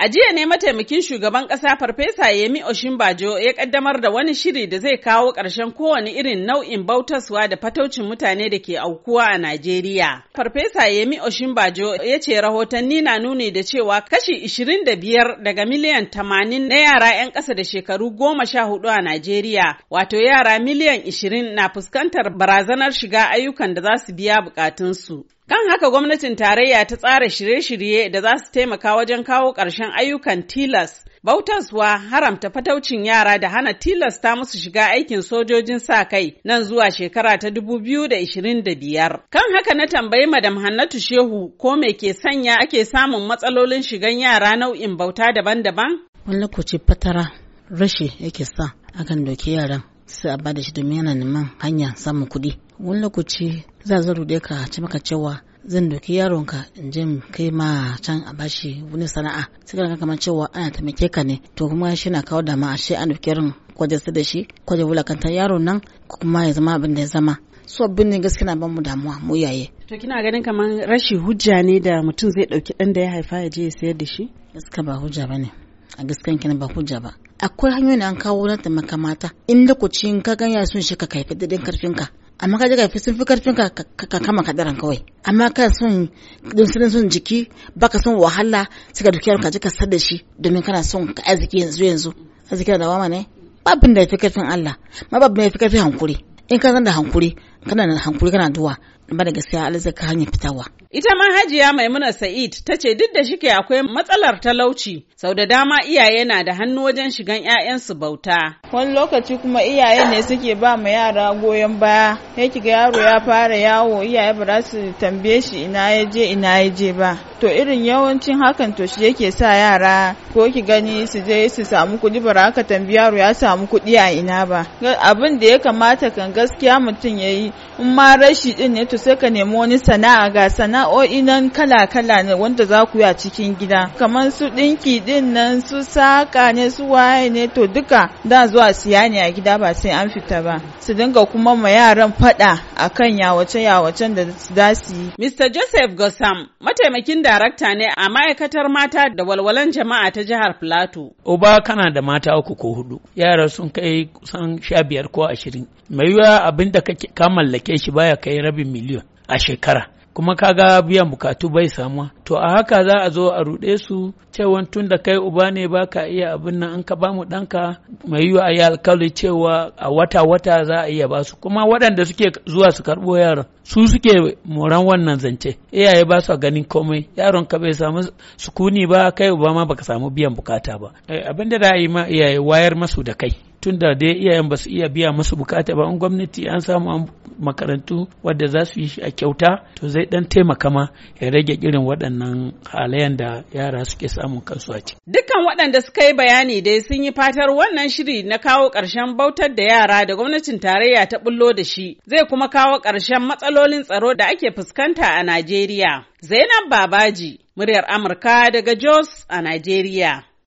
A jiya ne mataimakin shugaban ƙasa Farfesa Yemi Oshimbajo ya ƙaddamar da wani shiri da zai kawo ƙarshen kowane irin nau'in bautaswa da fataucin mutane da ke aukuwa a Najeriya. Farfesa Yemi Oshimbajo ya ce rahotanni na nuni da cewa kashi 25 daga miliyan 80 na yara 'yan ƙasa da shekaru 14 a Najeriya, wato yara miliyan 20 na fuskantar barazanar shiga ayyukan da za su biya bukatunsu. Kan haka gwamnatin tarayya ta tsara shirye-shirye da za su taimaka wajen kawo ƙarshen ayyukan tilas, bautaswa haramta fataucin yara da hana tilasta musu shiga aikin sojojin sa kai nan zuwa shekara ta 2025. Kan haka na tambayi Madam Hannatu Shehu ko me ke sanya ake samun matsalolin shigan yara nau'in bauta daban-daban? Wani lokaci fatara rashi yake sa akan doki yaran sai a bada shi domin yana neman hanyar samun kuɗi wani lokaci za zo rude ka ci maka cewa zan doki yaronka in je kai ma can a bashi wani sana'a sai ka kamar cewa ana taimake ka ne to kuma shi na kawo dama shi an doki yaron kwaje su da shi kwaje wulakantar yaron nan kuma ya zama abin da ya zama su abin ne gaskiya na ban mu damuwa mu yaye to kina ganin kamar rashin hujja ne da mutum zai ɗauki ɗan da ya haifa ya je ya sayar da shi gaskiya ba hujja ba ne. a gaskan kina ba hujja ba akwai hanyoyin an kawo na taimaka mata in lokacin ka ganya sun shi ka kai fitidin karfinka amma ka daga fi sun fi karfin ka ka kama kadaran kawai amma ka son sun sun jiki baka son wahala sai ka ka ji ka sada shi domin kana son ka arziki yanzu yanzu arziki da wama ne babin da ya fi karfin Allah ma babin da ya fi karfin hankuri in ka zan da hankuri kana da hankuri kana duwa ba da gaskiya Allah zai ka hanyar fitawa Ita ma Hajiya Maimuna Sa'id ta ce duk da shike akwai matsalar talauci sau da dama iyaye na da hannu wajen shigan 'ya'yansu bauta. Wani lokaci kuma iyaye ne suke ba ma yara goyon baya, ya ga yaro ya fara yawo iyaye ba za su tambaye shi ina ya je ina ya je ba. to irin yawancin hakan to shi yake sa yara ko ki gani su je su samu kuɗi bara aka tambi ya samu kuɗi a ina ba abin da ya kamata kan gaskiya mutum ya yi in ma rashi din ne to sai ka nemi wani sana'a ga sana'o'i nan kala kala ne wanda za ku yi a cikin gida kamar su ɗinki din nan su saka ne su waye ne to duka da zuwa siya ne a gida ba sai an fita ba su dinga kuma ma yaran faɗa akan yawace-yawacen da za su yi. Mr. Joseph Gossam, mataimakin darakta ne a ma'aikatar mata da walwalan jama'a ta jihar Plateau. Oba, kana da mata uku ko hudu, yara sun kai kusan sha biyar ko ashirin. Mai yiwuwa abin da ka mallake shi baya kai rabin miliyon a shekara. kuma ka ga biyan bukatu bai samuwa to a haka za a zo a ruɗe su cewa tun da kai uba ne ba ka iya abin nan an ka ba mu ɗanka mai yiwa a yi alkali cewa a wata wata za a iya ba su kuma waɗanda suke zuwa su karɓo yaron su suke moran wannan zance iyaye ba su ganin komai yaron ka bai samu sukuni ba kai uba ma baka samu biyan bukata ba eh, abin da za a yi ma iyaye wayar masu da kai tunda dai iyayen ba su iya biya musu bukata ba in gwamnati an samu makarantu wadda za su yi shi a kyauta to zai dan taimaka ma ya rage irin waɗannan halayen da yara suke samun kansu a ciki. Dukkan waɗanda suka yi bayani dai sun yi fatar wannan shiri na kawo ƙarshen bautar da yara da gwamnatin tarayya ta bullo da shi zai kuma kawo ƙarshen matsalolin tsaro da ake fuskanta a Najeriya. Zainab Babaji, muryar Amurka daga Jos a Najeriya.